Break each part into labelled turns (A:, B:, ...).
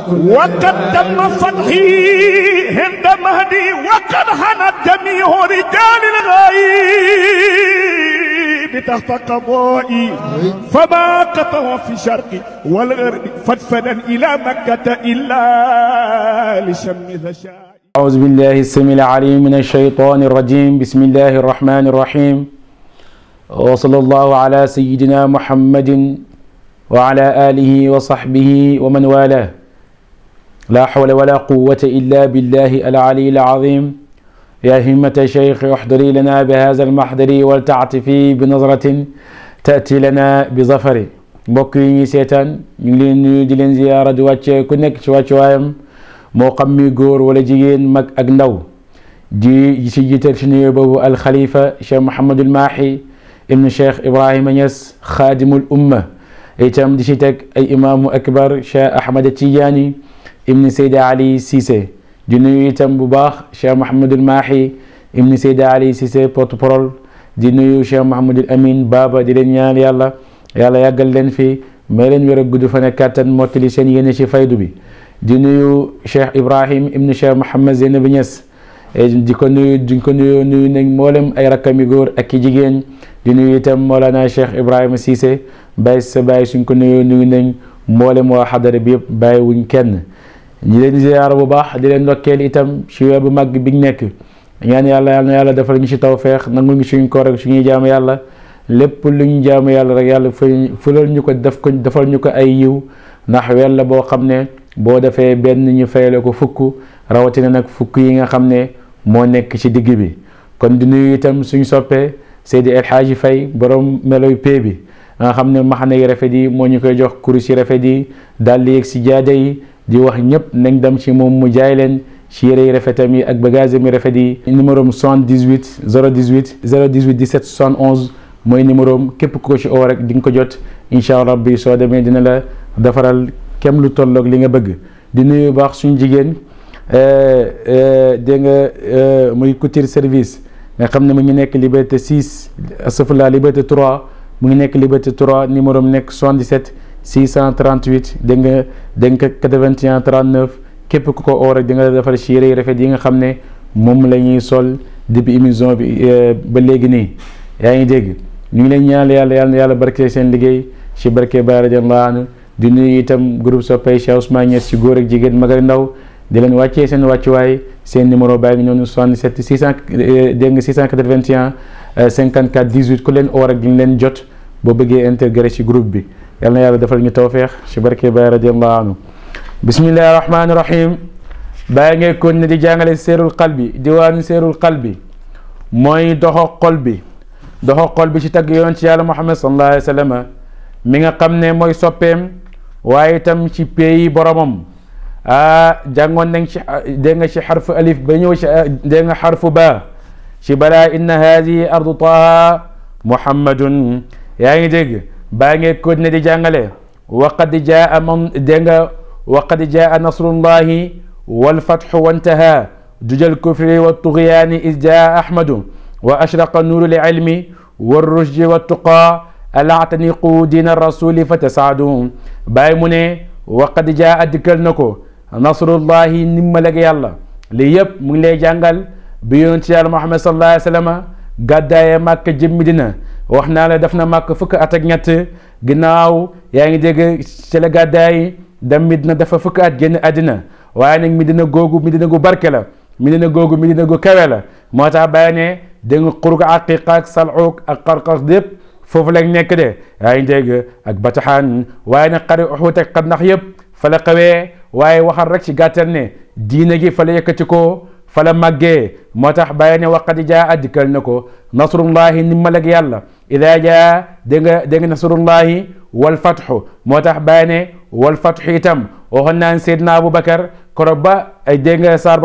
A: وقد تم فتحي هند مهدي وقد حنت جميع رجال الغيب تحت قضائي فما قطع في شرقي والغرب فدفدا الى مكه الا لشم ذشاء أعوذ بالله السميع العليم من الشيطان الرجيم بسم الله الرحمن الرحيم وصلى الله على سيدنا محمد وعلى آله وصحبه ومن والاه لا حول ولا قوة إلا بالله العلي العظيم يا همة شيخ احضري لنا بهذا المحضر ولتعطفي بنظرة تأتي لنا بظفر بوكي نيسيتان نيلين نيلين زيارة دواتشي كونك شواتشوائم موقمي غور ولا جيين مك أجنو. جي سيجيتر شنو بابو الخليفة شيخ محمد الماحي ابن الشيخ إبراهيم يس خادم الأمة ايتام ديشيتك أي إمام أكبر شيخ أحمد التياني ibni Seydi Ali Cissé di nuyu itam bu baax Cheikh Mouhamadul Mahi ibni Seydi Ali Cissé porte parole di nuyu Cheikh Mouhamadul Amin Baba di leen ñaan yàlla yàlla yàggal leen fi may leen wér ak gudd fan ak kàttan mottali seen yéene ci faydu bi di nuyu Cheikh Ibrahim ibni Cheikh Mouhamad Zeynab Niass eh, di ko nuyu di ko nuyu nuyu nañ mboolem ay rakkam yu góor ak ki jigéen di nuyu itam Mawlana Cheikh Ibrahima Cissé bàyyi sa bàyyi suñ ko nuyu nuyu nañ mboolem waa xadara bi yëpp bàyyi wuñ kenn ñu leen ziyaara bu baax di leen ndokkeel itam ci weer bu màgg bi ñu nekk ñaan yàlla yàlla na yàlla defal ñu ci tawfeex nangul ñu suñu koor ak suñuy jaamu yàlla lépp lu ñu jaamu yàlla rek yàlla fulal ñu ko def ko defal ñu ko ay yiw ndax weer la boo xam ne boo defee benn ñu fayale ko fukk rawatina nag fukk yi nga xam ne moo nekk ci digg bi kon di itam suñu soppee Seydi El Hadji Faye borom meloy pee bi nga xam ne maxana yi rafet yi moo ñu koy jox kurus yi rafet yi dàll yég si jaade yi di wax ñep nañ dem ci mom mu jaay len ci yére yi ak bagage mi rafet numéro 78 018 018 17 71 moy numéro kep ko ci oo rek di nga ko jot inshallah rabbi so demé dina la defaral kem lu tollok li nga bëgg di nuyu bax suñu jigen euh euh de nga euh muy couture service nga xamne mu ngi nek liberté 6 asafula liberté 3 mu ngi nek liberté 3 numéro nek 77 638 dégg nga dégg nga 81 39 képp ku ko oo rek di nga defal ci yére yu rafet yi nga xam ne moom la ñuy sol depuis émission bi euh, ba léegi nii yaa ngi dégg ñu ngi leen ñaanal yàlla yàlla yàlla barke seen liggéey ci barke Baye radiyallahu anhu di nuyu itam groupe soppay Cheikh Ousmane Niass ci góor ak jigéen mag ak ndaw di leen wàccee seen wàccuwaay seen numéro baa ngi noonu 77 600 euh, dégg nga 681 54 18 ku leen oo rek di leen jot boo bëggee intégré ci groupe bi. yal na yàlla defal ñu tawféex ci barke Baye radiyallahu anhu bismillahi rahmaani rahim bàyyi ngay kon ne di jàngale seerul xal bi diwaanu seerul xal bi mooy doxo xol bi doxo xol bi ci tagg yoon ci yàlla muhammad sallallahu alayhi wa sallam mi nga xam ne mooy soppeem waaye itam ci pays boromam ah jàngoon nañ ci dégg nga ci xarfu alif ba ñëw ci dégg nga xarfu ba ci balaa inna haadihi ardu taha muhammadun yaa ngi dégg baa كود ندي di وقد جاء من man وقد جاء نصر الله والفتح وانتهى دجى الكفر والطغيان إذ جاء أحمد وأشرق النور العلم والرشد والتقى ألا اعتنقوا دين الرسول فتسعدوا بايمونه وقد جاء دكلنكو نصر الله نملك يالله ليب من لي جانغال بيونتي محمد صلى الله عليه وسلم gàddaaye màkk jëm Medina wax naa la def na màkk fukk at ak ñett ginnaaw yaa ngi dégg ci la gàddaay dem Medina dafa fukk at génn àddina waaye nag Medina googu Medina gu barke la Medina googu Medina gu kawe la moo tax bàyyi ne dégg nga xurug aqiqa ak salxuug ak xarxas lépp foofu lañ nekk de yaa ngi dégg ak bataxaan waaye nag xari uxut ak xat ndax yëpp fa la xawee waaye waxal rek ci gàttal ne gi fa la yëkkati ko fala la màggee moo tax bàyyi ne waqati jaa a dikkal na ko nasrullahi ndimmal ak yàlla ida jaa dégg nga dégg nga nasrullahi wal fatxu moo tax bàyyi ne wal fatxu itam waxoon naan seydna aboubacar koro ba dégg nga saar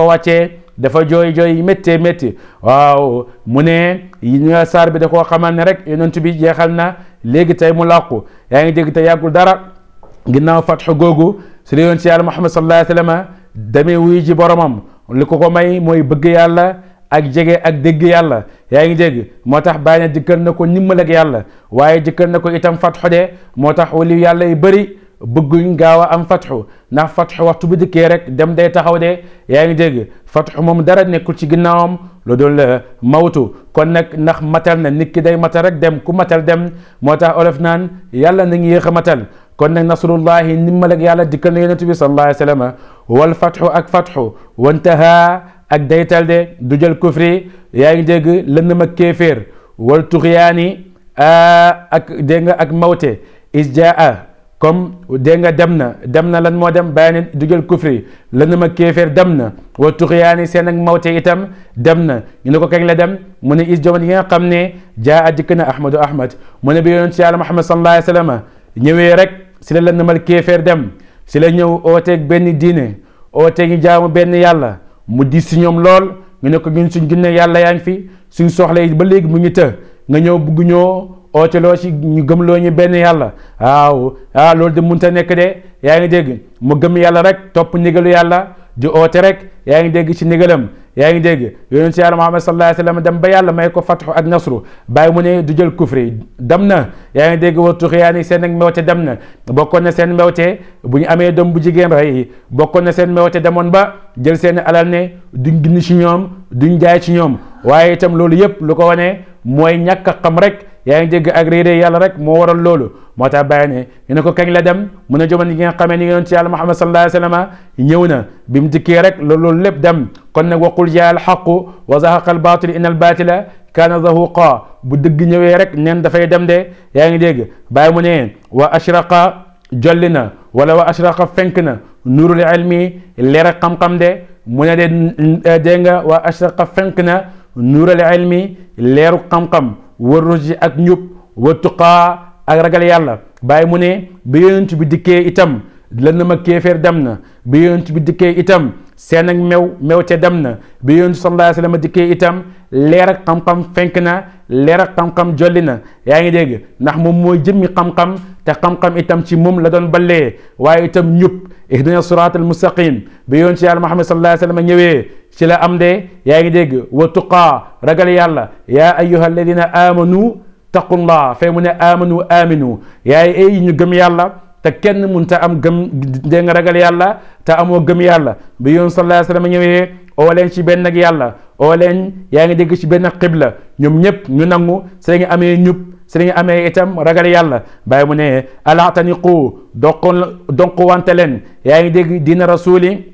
A: dafa jooy jooy méttee métti waaw mu ne nga saar bi da koo xamal ne rek yonent bi jeexal na léegi tey mu làqu yaa ngi dégg te yàggul dara ginnaaw fatxu googu su la ci yàlla muhammad sallallahu alayhi wa sallam wuy ji boromam li ko ko may mooy bëgg yàlla ak jege ak dégg yàlla yaa ngi dégg moo tax bàyyi na jëkkal na ko nimmal ak yàlla waaye jëkkal na ko itam fatxu de moo tax wali yàlla yu bëri bëgguñ gaaw a am fatxu ndax fatxu waxtu bu dikkee rek dem day taxaw de yaa ngi dégg fatxu moom dara nekkul ci ginnaawam lu dul euh, mawtu kon nag ndax matal na nit ki day matal rek dem ku matal dem moo tax olof naan yàlla na ngi yéex a matal كون نصر الله نم لك يالا ديكل نبي صلى الله عليه وسلم والفتح اك فتح وانتهى اك ديتال دي دوجل كفري يا ديغ لن كافر كفر والتغياني اك ديغ اك موتي اذ جاء كم ديغا دمنا دمنا لن مو دم بان دوجل كفري لن ما دمنا والتغياني سين اك موتي ايتام دمنا ينكو كاك لا دم من اذ جون يا قمني جاء ديكنا احمد احمد من بيون سي محمد صلى الله عليه وسلم ñëwee rek si la lëndëmal kéeféer dem si la ñëw ooteeg benn diine ooteegi jaamu benn yàlla mu di si ñoom lool nga ne ko ñun suñ junne yàlla yaa ngi fi suñ soxla yi ba léegi mu ñu të nga ñëw bugg ñoo ooteloo ci ñu gëmloo ñu benn yàlla waaw ah loolu de mënut nekk de yaa ngi dégg mu gëm yàlla rek topp ndigalu yàlla di oté rek yaa ngi dégg ci ndigalam yaa ngi dégg yoonu ci yàlla Muhammad sallallahu alayhi wa sallam dem ba yàlla may ko fatxu ak nasru bàyyi mu ne du jël kufri dem na yaa ngi dégg war tuxiyaani seen ak mewte dem na bokkoon na seen mbewte bu ñu amee doom bu jigéen rey bokkoon na seen mewte demoon ba jël seen alal ne duñ gindi ci ñoom duñ jaay ci ñoom waaye itam loolu yépp lu ko wane mooy ñàkk xam rek yaa ngi dégg ak réeré yàlla rek moo waral loolu moo tax bàyyi ne ñu ko kañ la dem mu ne jamono yi nga xamee ni ngi yàlla Muhammad sallallahu alayhi wa sallam ñëw na bi mu dikkee rek la loolu lépp dem kon nag waqul jaa al xaqu wa zahaqa al batil in al batila kaana zahuqa bu dëgg ñëwee rek neen dafay dem de yaa ngi dégg bàyyi mu ne wa ashraqa jolli wala wa ashraqa fenk na ilmi leer ak xam-xam de mu ne de nga wa ashraqa fenk na ilmi leeru xam-xam war ruj ak ñub wa tuqaa ak ragal yàlla bàyyi mu ne bi yonent bi dikkee itam la na ma kéefeer dem na bi yonent bi dikkee itam seen ak mew mew ca dem na bi yonent sallallahu alayhi wa sallam dikkee itam leer ak xam-xam fenk na leer ak xam-xam jolli na yaa ngi dégg ndax moom mooy jëmmi xam-xam te xam-xam itam ci moom la doon ballee waaye itam ñub ihdina sirat al mustaqim bi yoon ci yàlla Muhammad sallallahu alayhi wa sallam ñëwee ci la am de yaa ngi dégg wa tuqaa ragal yàlla yaa ayyuha alladina amanu taqullah fay mu ne amanu aminu yaay ay ñu gëm yàlla te kenn mënut a am gëm dégg nga ragal yàlla te amoo gëm yàlla bi yoon sallallahu alayhi wasallam ñëwee oo leen ci benn ak yàlla oo leen yaa ngi dégg ci benn xibla ñoom ñëpp ñu nangu si la ñu amee ñub si la itam ragal yàlla bàyyi mu ne alaataniqu doqoon donq wante leen yaa ngi dégg dina rasuli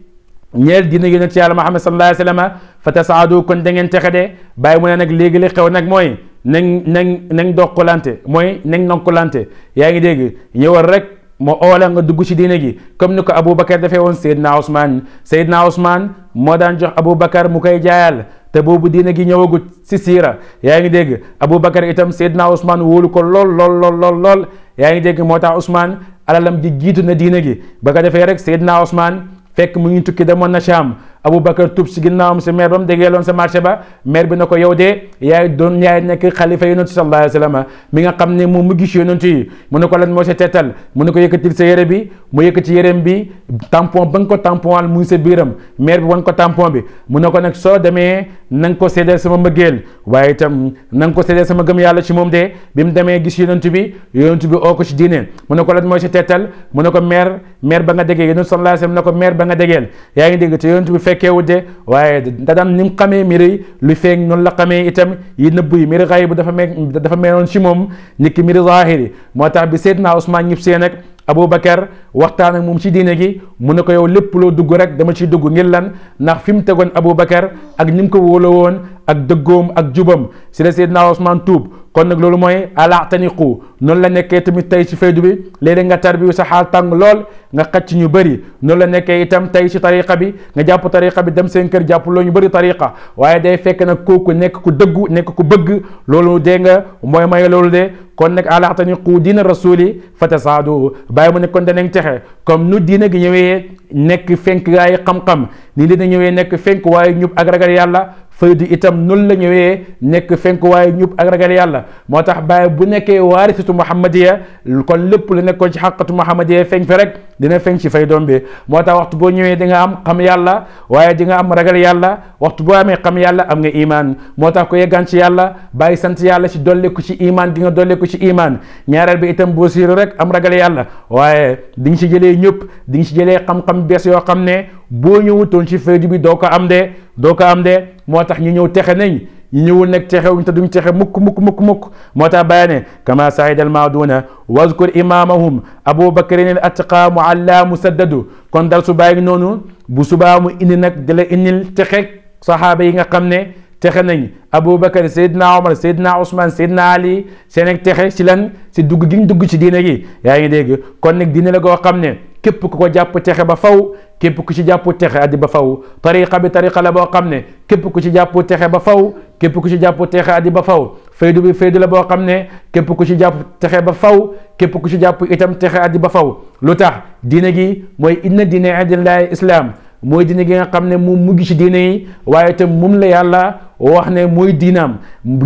A: ñeel dina yonent ci yàlla Muhammad sallallahu alayhi wasallam fa tasaadu kon da ngeen texe de bàyyi mu ne nag léegi li xew nag mooy nañ nañ nañ doqalante mooy nañ nonkulante yaa ngi dégg ñëwal rek moo oola nga dugg ci diina gi comme ni ko Aboubacar defee woon Seydina Ousmane Seydina Ousmane moo daan jox abu Aboubacar mu koy jaayal te boobu diina gi ñëwagut si siira yaa ngi dégg Aboubacar itam Seydina Ousmane woolu ko lool lool lool lool yaa ngi dégg moo tax Ousmane alalam ji jiitu na diina gi ba ko defee rek Seydina Ousmane fekk mu ngi tukki demoon na Cham Aboubacar tub si ginnaawam si maire ba mu dégeeloon sa marché ba maire bi na ko yow de yaay doon yaay nekk xalifa yonent sallallahu alayhi wa sallam mi nga xam ne moom mu gis yonent yi mu ne ko lan moo sa teetal mu ne ko yëkkatil sa yére bi mu yëkkati yéreem bi tampon ba nga ko tamponal mu ngi sa biiram maire bi wan ko tampon bi mu ne ko nag soo demee na nga ko séddee sama mbëggeel waaye itam na nga ko séddee sama gëm yàlla ci moom de bi mu demee gis yonent bi yonent bi oo ko ci diine mu ne ko lan mooy sa teetal mu ne ko maire maire ba nga dégee yonent sallallahu alayhi wa sallam ne ko maire ba nga dégeel yaa ngi dégg te yonent bi fekkeewut de waaye ndadam ni mu xamee mbiri lu feeñ noonu la xamee itam yi nëbb yi mbiri xayb dafa me dafa meloon ci moom nit ki mbiri zaahiri moo tax bi Seydina Ousmane ñib see nag Aboubacar waxtaan ak moom ci diine gi mu ne ko yow lépp loo dugg rek dama ciy dugg ngir lan ndax fi mu tegoon Aboubacar ak ni ko wóoloo ak dëggoom ak jubam si la Seydina Ousmane tuub kon nag loolu mooy alaataniqu noonu la nekkee tamit tey si faydu bi léeg-léeg nga tarbiyu sa xaal tàng lool nga xacc ñu bëri noonu la nekkee itam tey si tariqa bi nga jàpp tariqa bi dem seen kër jàpp loo ñu bëri tariqa waaye day fekk nag kooku nekk ku dëggu nekk ku bëgg loolu dee nga mooy may loolu de kon nag alaataniqu diina rasuli fatasaadu bàyyi mu ne kon danañ texe comme nu diina gi ñëwee nekk fenk ay xam-xam ni dina ñëwee nekk fenk waaye ñub ak ragal yàlla faydu itam noonu la ñëwee nekk fenkuwaayu ñub ak ragal yàlla moo tax bàyyi bu nekkee waarisatu muhammadiya kon lépp lu nekkoon ci xaqatu muhammadiya feeñ fi rek dina feeñ ci faydoom bi moo tax waxtu boo ñëwee di nga am xam yàlla waaye di nga am ragal yàlla waxtu boo amee xam yàlla am nga iman moo tax ko yeggaan ci yàlla bàyyi sant yàlla ci dolleeku ci iman di nga dolleeku ci iman ñaareel bi itam boo siiru rek am ragal yàlla waaye di nga ci jëlee ñëpp di ci jëlee xam-xam bees yoo xam ne boo ñëwutoon ci faydu bi doo ko am de doo ko am de moo tax ñu ñëw texe nañ ñu ñëwul nag texewuñ te duñ texe mukk mukk mukk moo tax bàyyi ne kama sahid almaaduna wazkur imamahum abou bacrin mu atqa mualla musaddadu kon dal su bàyyi noonu bu subaa mu indi nag di la indil texe sahaaba yi nga xam ne texe nañ aboubacar sayidna omar sayidna ousmane sayidna ali seen ak texe si lan si dugg gi ñu dugg ci diine gi yaa ngi dégg kon nag diine la goo xam ne képp ku ko jàpp texe ba faw képp ku ci jàpp texe addi ba faw tariqa bi tariqa la boo xam ne képp ku ci jàpp texe ba faw képp ku ci jàpp texe addi ba faw faydu bi faydu la boo xam ne képp ku ci jàpp texe ba faw képp ku ci jàpp itam texe addi ba faw lu tax diine gi mooy inna diine indillahi islam mooy diine gi nga xam ne moom mu ngi ci diine yi waaye itam moom la yàlla wax ne mooy diinaam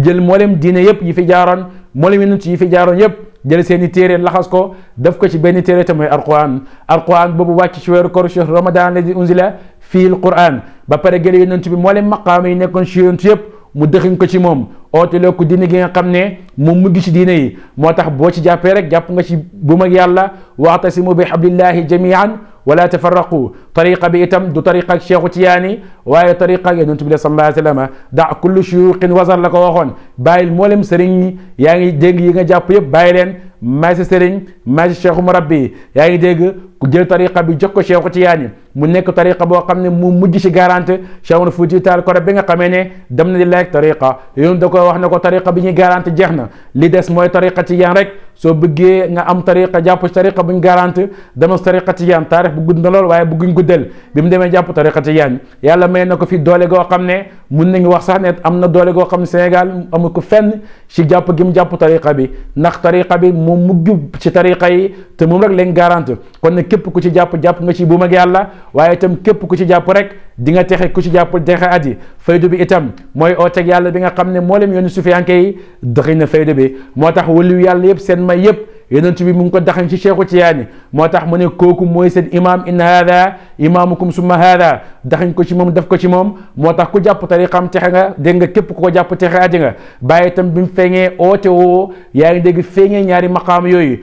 A: jël mboolem diine yépp yi fi jaaroon mboolem yonent yi fi jaaroon yépp jël seen i téere laxas ko def ko ci benn téere te mooy alquran alquran boobu wàcc ci weeru koor shahr ramadan ladi unzila fii alquran ba pare gële yonent bi mboolem maqaama yi nekkoon ci yonent yépp mu dëxiñ ko ci moom ooteloo ko diine gi nga xam ne moom mujj ci diine yi moo tax boo ci jàppee rek jàpp nga ci bu mag yàlla waxtasimu bi hablillahi jamian wala tafarraqu tariqa bi itam du tariqa ak cheikhu tiyaani waaye tariqa ak yonent bi la sallallahu alayhi wa sallam da kullu shuyuqin wasar la ko waxoon bàyyil mboolem sëriñ ñi yaa ngi dégg yi nga jàpp yëpp bàyyi leen maa si sëriñ maa si cheikhu murabbi yaa ngi dégg ku jël tariqa bi jox ko Cheikhu Tiyaani mu nekk tariqa boo xam mu mujj si garanté Cheikh Oumar Foutiyou Tall koro bi nga xamee ne dem na di laaj tariqa yoon da ko wax ne ko tariqa bi ñuy garanté jeex na li des mooy tariqa Tiyaan rek soo bëggee nga am tariqa jàpp si tariqa bu ñu garanté demal si tariqa Tiyaan taarix bu gudd na lool waaye bëgguñ guddal bi mu demee jàpp tariqa Tiyaan yàlla may na fi doole goo xam ne mun wax sax ne am doole goo xam Sénégal amul ko fenn si jàpp gi mu jàpp tariqa bi ndax tariqa bi moom mujj si tariqa yi te moom rek lañ garanté kon képp ku ci jàpp jàpp nga ci bu mag yàlla waaye itam képp ku ci jàpp rek dinga nga texe ku ci jàpp texe at yi faydu bi itam mooy ooteeg yàlla bi nga xam ne moo leen yoonu sufiyanke yi daxañ na faydu bi moo tax waliyu yàlla yëpp seen may yëpp yonent bi mu ngi ko daxañ ci cheikhu tiyaani moo tax mu ne kooku mooy seen imam in haada imaamukum summa haada daxañ ko ci moom def ko ci moom moo tax ku jàpp tariqam texe nga dégg nga képp ku ko jàpp texe aji nga ba itam b mu feeñee oote yaa ngi dégg feeñee ñaari maqaam yooyu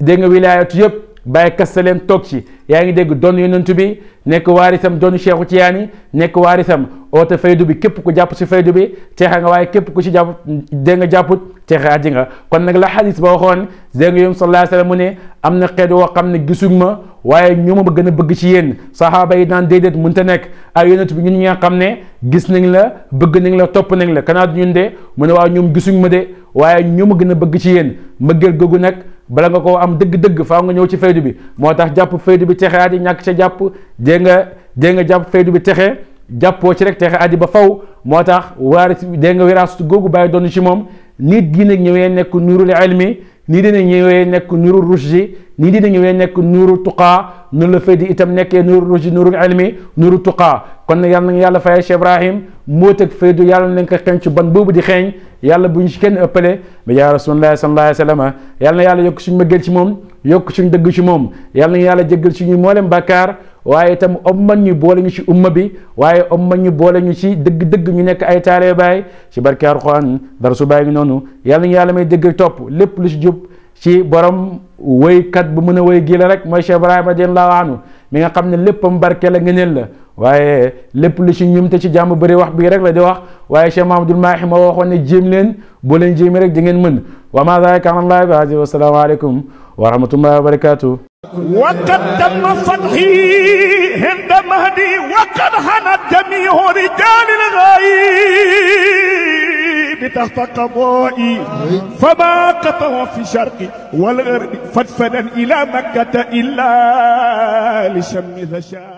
A: dégg nga wilaayatu yëpp bàyyi sa leen toog ci yaa ngi dégg doon yonent bi nekk waarisam doon Cheikhu Tiyaani nekk waarisam oote faydu bi képp ku jàpp si faydu bi teexa nga waaye képp ku si jàpp dégg nga jàpput teexa aji nga kon nag la xadis ba waxoon dégg nga yom sallallahu alayhi wasallam mu ne am na xeet woo xam ne gisuñ ma waaye ñoo ma gën a bëgg ci yéen saxaaba yi daan déedéet mënut a nekk ay yonent bi ñu ñi nga xam ne gis nañ la bëgg nañ la topp nañ la kanaat du ñun de mu ne waaw ñoom gisuñ ma de waaye ñoo ma gën a bëgg ci yéen mbëggeel googu nag bala nga koo am dëgg-dëgg faaw nga ñëw ci faydu bi moo tax jàpp faydu bi texe aji ñàkk ca jàpp jée nga jée nga jàpp faydu bi texe jàppoo ci rek texe aji ba faw moo tax waaris dee nga wiraasu googu bàyyi doon ci moom nit gi nag ñëwee nekk nuurul ilmi ni dina ñëwé nek nuru rushdi ni dina ñëwé nek nuru tuqa noonu la fay di itam nekkee nuru rushdi nuru ilmi nuru tuqa kon na yàlla na yàlla fay Cheikh Ibrahim móot ak faydu yàlla na ko xëñ ci ban bobu di xëñ yàlla bu ci kenn ëppale ba ya rasulullah sallallahu alayhi wasallam yàlla na yàlla yok suñu mëggel ci mom yok suñu dëgg ci mom yàlla na yàlla jéggal suñu mbolem bakkar waaye itam omman ñu boole ñu ci umma bi waaye omman ñu boole ñu ci dëgg-dëgg ñu nekk ay taale baay ci barke Alxuraan dara su bàyyi noonu yàlla ñu yàlla may dëgg topp lépp lu ci jub ci borom kat bu mën a woy gii la rek mooy Cheikh Ibrahima radiyallaahu anhu mi nga xam ne léppam barke la ngëneel la waye lépp lu ci ñum te ci jàmm bëri wax bi rek la di wax waye Cheikh Mahamadul Maahi ma waxoon ne jëm leen bo leen jëm rek di ngeen mën wa ma zalika ala llahi bi wa wasalaamu alaykum wa rahmatullahi wa barakatuh wa qad وقد تم فتحي عند مهدي وقد حنت جميع رجال الغيب تحت قضائي فما قطع في شرقي والغرب فدفدا الى مكه الا لشم ذا